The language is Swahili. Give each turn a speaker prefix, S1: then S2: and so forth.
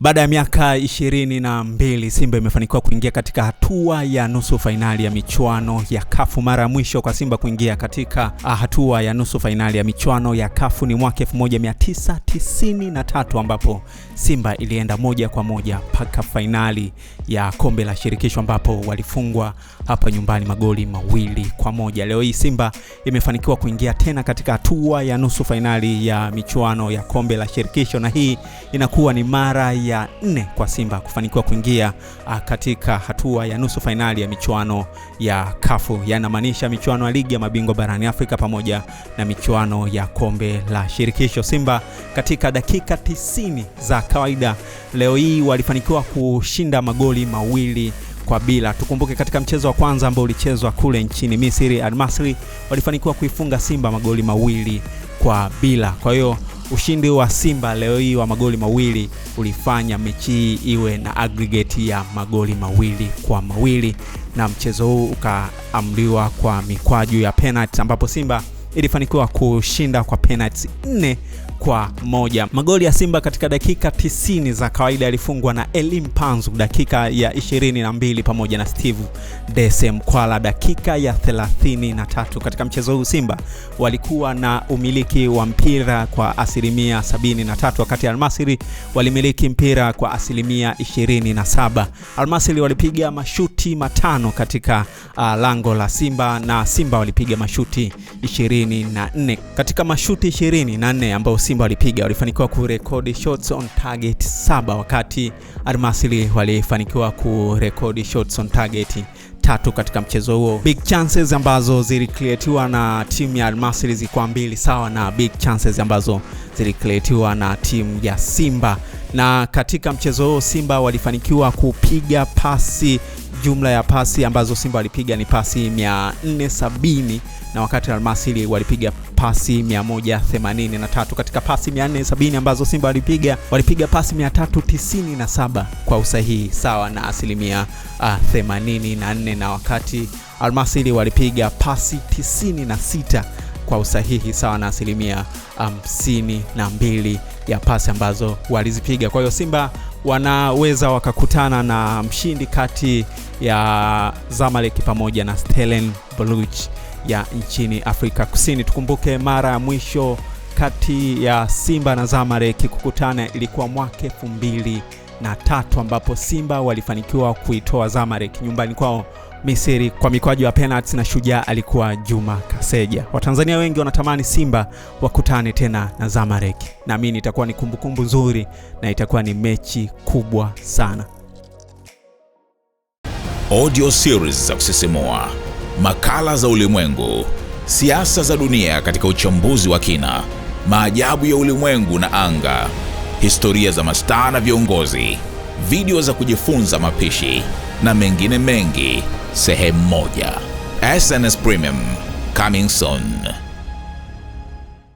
S1: Baada ya miaka ishirini na mbili Simba imefanikiwa kuingia katika hatua ya nusu fainali ya michuano ya kafu. Mara ya mwisho kwa Simba kuingia katika ah, hatua ya nusu fainali ya michuano ya kafu ni mwaka 1993 ambapo Simba ilienda moja kwa moja mpaka fainali ya kombe la shirikisho ambapo walifungwa hapa nyumbani magoli mawili kwa moja. Leo hii Simba imefanikiwa kuingia tena katika hatua ya nusu fainali ya michuano ya kombe la shirikisho na hii inakuwa ni mara ya nne kwa Simba kufanikiwa kuingia ah, katika hatua ya nusu fainali ya michuano ya kafu yanamaanisha michuano ya ligi ya mabingwa barani Afrika pamoja na michuano ya kombe la shirikisho. Simba katika dakika tisini za kawaida leo hii walifanikiwa kushinda magoli mawili kwa bila. Tukumbuke katika mchezo wa kwanza ambao ulichezwa kule nchini Misri, Al Masry walifanikiwa kuifunga Simba magoli mawili kwa bila. Kwa hiyo ushindi wa Simba leo hii wa magoli mawili ulifanya mechi hii iwe na aggregate ya magoli mawili kwa mawili na mchezo huu ukaamriwa kwa mikwaju ya penalty ambapo Simba ilifanikiwa kushinda kwa penalty nne kwa moja. Magoli ya Simba katika dakika 90 za kawaida yalifungwa na Elim Panzu dakika ya 22 pamoja na Steve Dese Mkwala dakika ya 33. Katika mchezo huu Simba walikuwa na umiliki wa mpira kwa asilimia 73, wakati Almasiri walimiliki mpira kwa asilimia 27. Almasiri walipiga mashuti matano katika uh, lango la Simba na Simba walipiga mashuti 24 katika mashuti 24 ambayo Simba Simba walipiga, walifanikiwa kurekodi shots on target saba, wakati Almasri walifanikiwa kurekodi shots on target tatu katika mchezo huo. Big chances ambazo zilikreatiwa na timu ya Almasri zilikuwa mbili sawa na big chances ambazo zilikreatiwa na timu ya Simba, na katika mchezo huo Simba walifanikiwa kupiga pasi jumla ya pasi ambazo Simba walipiga ni pasi 470 na wakati Almasili walipiga pasi 183. Katika pasi 470 ambazo Simba walipiga walipiga pasi 397 kwa usahihi sawa na asilimia 84, ah, na wakati Almasili walipiga pasi 96 kwa usahihi sawa na asilimia 52 na mbili ya pasi ambazo walizipiga. Kwa hiyo Simba wanaweza wakakutana na mshindi kati ya Zamalek pamoja na Stellenbosch ya nchini Afrika Kusini. Tukumbuke mara ya mwisho kati ya Simba na Zamalek kukutana ilikuwa mwaka elfu mbili na tatu ambapo Simba walifanikiwa kuitoa Zamalek nyumbani kwao Misri kwa mikwaju ya penalti na shujaa alikuwa Juma Kaseja. Watanzania wengi wanatamani Simba wakutane tena na Zamalek. Naamini itakuwa ni kumbukumbu nzuri na itakuwa ni mechi kubwa sana.
S2: Audio series za kusisimua, makala za ulimwengu, siasa za dunia katika uchambuzi wa kina, maajabu ya ulimwengu na anga, historia za mastaa na viongozi, video za kujifunza mapishi na mengine mengi sehemu moja. SNS Premium coming soon.